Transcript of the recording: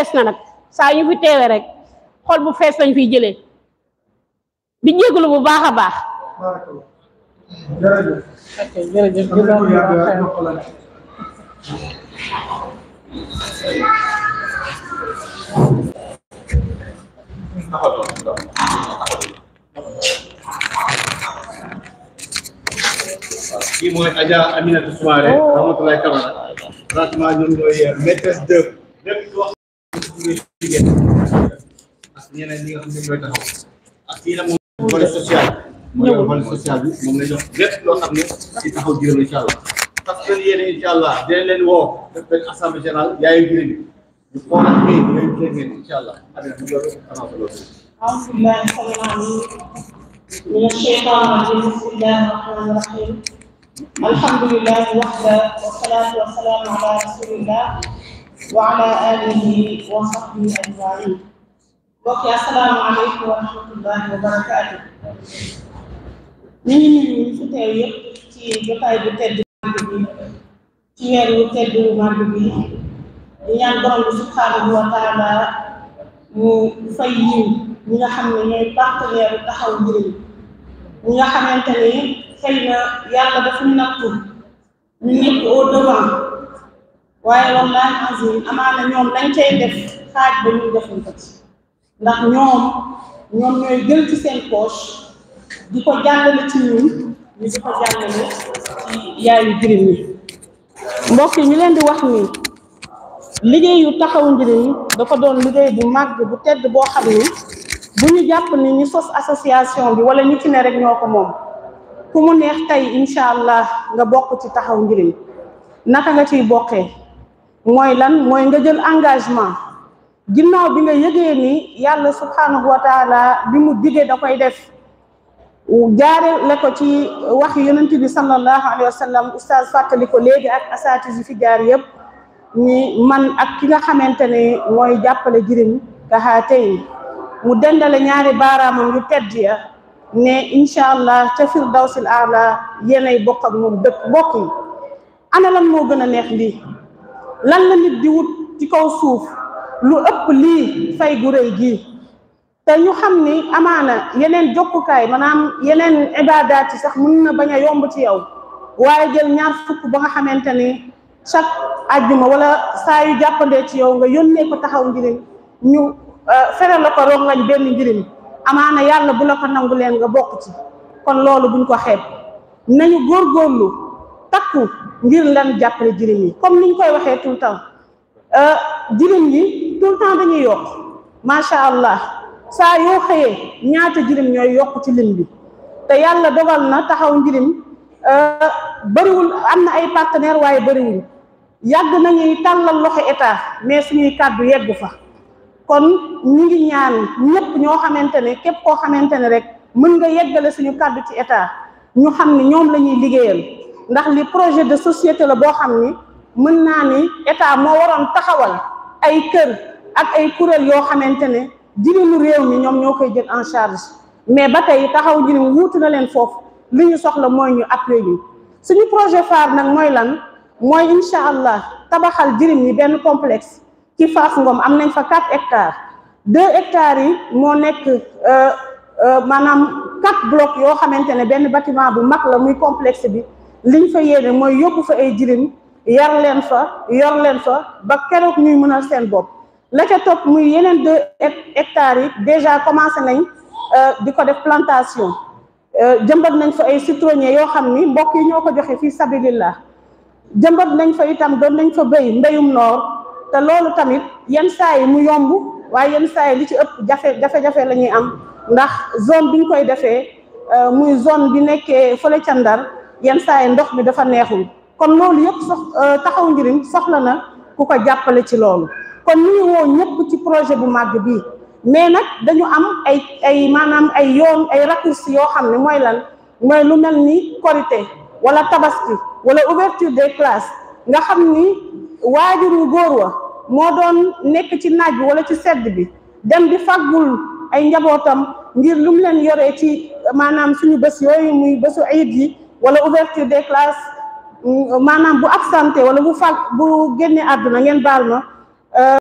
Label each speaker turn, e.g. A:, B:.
A: fess na nak sa ñu fi téwé rek xol bu fess lañ fi jëlé di jégalu bu baax a baax. jërëjëf kii mooy Adja Aminata Soumaré rahmatullahi taala pratiquement ñoom ñooy maîtresse d'œuvre ñuy liggéey ak ñeneen ñi nga xam ne ñooy taxaw ak kii nag moom volet social mooy volet social bi moom la jox lépp loo xam ne ci taxaw jigéen incha allah parce que yéen incha allah dinañ leen woo def benn assemblée générale yaayu jigéen ñu xoolal kii yaayu jigéen incha allah amina mu loolu avance loolu. alhamdulilah من الشيطان الرجيم بسم الله الرحمن الرحيم الحمد لله وحده والصلاة والسلام على رسول الله وعلى آله وصحبه أجمعين. أوكي السلام عليكم ورحمة الله وبركاته. نحن نفتي في جتاي بتد مغربي في يرو تد مغربي نيان بروم سبحانه وتعالى مو فاي نيغا خامني ني باخ ليرو تاخاو ديري نيغا خامنتاني فاينا يالا دا فنا نكتو نيب او دوفان waaye wallahi azim amaana ñoom lañ cay def xaaj ba ñuy defuñ ko ci ndax ñoom ñoom ñooy jël ci seen poche di ko jàllale ci ci yaayu jirim yi ñu leen di wax nii liggéeyu taxaw njirim dafa doon liggéey bu màgg bu tedd boo xam ni bu ñu jàpp ni ñu sos association bi wala ñu ci ne rek ñoo ko moom ku mu neex tey incha allah nga bokk ci taxaw njirim naka nga ciy bokkee mooy lan mooy nga jël engagement ginnaaw bi nga yëgee ni yàlla subhanahu wa bi mu digee da koy def jaare le ko ci wax yonent bi sallallahu alayhi wa sallam oustaz fàttali ko léegi ak asaatis yi fi jaar yëpp ñi man ak ki nga xamante ne mooy jàppale jërim kaxaa tey mu dendale ñaari baaraamam yu tedd ya ne incha allah ca firdawsil aala yéenay bokk ak moom dëkk bokk ana lan moo gën a nekk lii lan la nit di wut ci kaw suuf lu ëpp lii fay gu rëy gii te ñu xam ni amaana yeneen jokkukaay maanaam yeneen ibaadaat yi sax mën na bañ a yomb ci yow waaye jël ñaar fukk ba nga xamante ni chaque àjjuma wala saa yu jàppandee ci yow nga yónnee ko taxaw njëriñ ñu euh, fere la ko rongañ benn njëriñ amaana yàlla bu la ko nangu leen nga bokk ci kon loolu buñ ko xeeb nañu góorgóorlu takku ngir lan jàppale jëriñ yi comme ñu koy waxee tout le temps euh, jëriñ yi tout le temps dañuy yokk macha allah saa yoo xëyee ñaata jëriñ ñooy yokk ci lim bi te yàlla dogal na taxaw njëriñ euh, bëriwul am na ay partenaire waaye bëriwul yàgg nañuy tàllal loxo état mais suñuy kàddu yegg fa kon ñu ngi ñaan ñëpp ñoo xamante ne képp koo xamante ne rek mën nga yeggale suñu kàddu ci état ñu xam ne ñoom la ñuy liggéeyal ndax li projet de société la bo xamni ni mën naa ni état mo waroon taxawal ay kër ak ay kuréel yo xamantene ne jigéenu réew mi ñom ñokay jël en charge mais ba tey taxaw ji wuutu na leen foofu li soxla moy ñu appuyer ñu suñu projet phare nak moy lan moy inshallah tabaxal jirim yi benn complexe ci Fass Ngom am nañ fa 4 hectares 2 hectares yi moo nekk euh, euh, manam 4 blocs yo xamantene ne bâtiment bu mag la muy complexe bi. liñ fa yéene mooy yóbbu fa ay jirim yar leen fa yor leen fa ba keroot ñuy mën a seen bopp la ca topp muy yeneen deux hectares yi déjà commencé nañ euh, di ko def plantation euh, jëmbat nañ fa ay citronnier yoo xam ni mbokk yi ñoo ko joxe fii sabilillah jëmbat nañ fa itam doon nañ fa béy mbéyum noor te loolu tamit yenn saa yi mu yomb waaye yenn saa yi li ci ëpp jafe jafe-jafe la ñuy am ndax zone bi ñu koy defee euh, muy zone bi nekkee fële ca Ndar yenn saa yi ndox mi dafa neexul kon loolu yëpp sox euh, taxaw njëriñ soxla na ku ko jàppale ci loolu kon ñu woo ñëpp ci projet bu màgg bii mais nag dañu am ay ay maanaam ay yoon ay raccourci yoo xam ne mooy lan mooy lu mel ni korité wala tabaski wala ouverture des classes nga xam ni waajuru góor wa moo doon nekk ci naaj bi wala ci sedd bi dem di faggul ay njabootam ngir lu mu leen yoree ci maanaam suñu bés yooyu muy bésu ayit yi wala ouverture des classes mm, maanaam bu absenté wala bu fàq bu génne àdduna ngeen baal ma euh,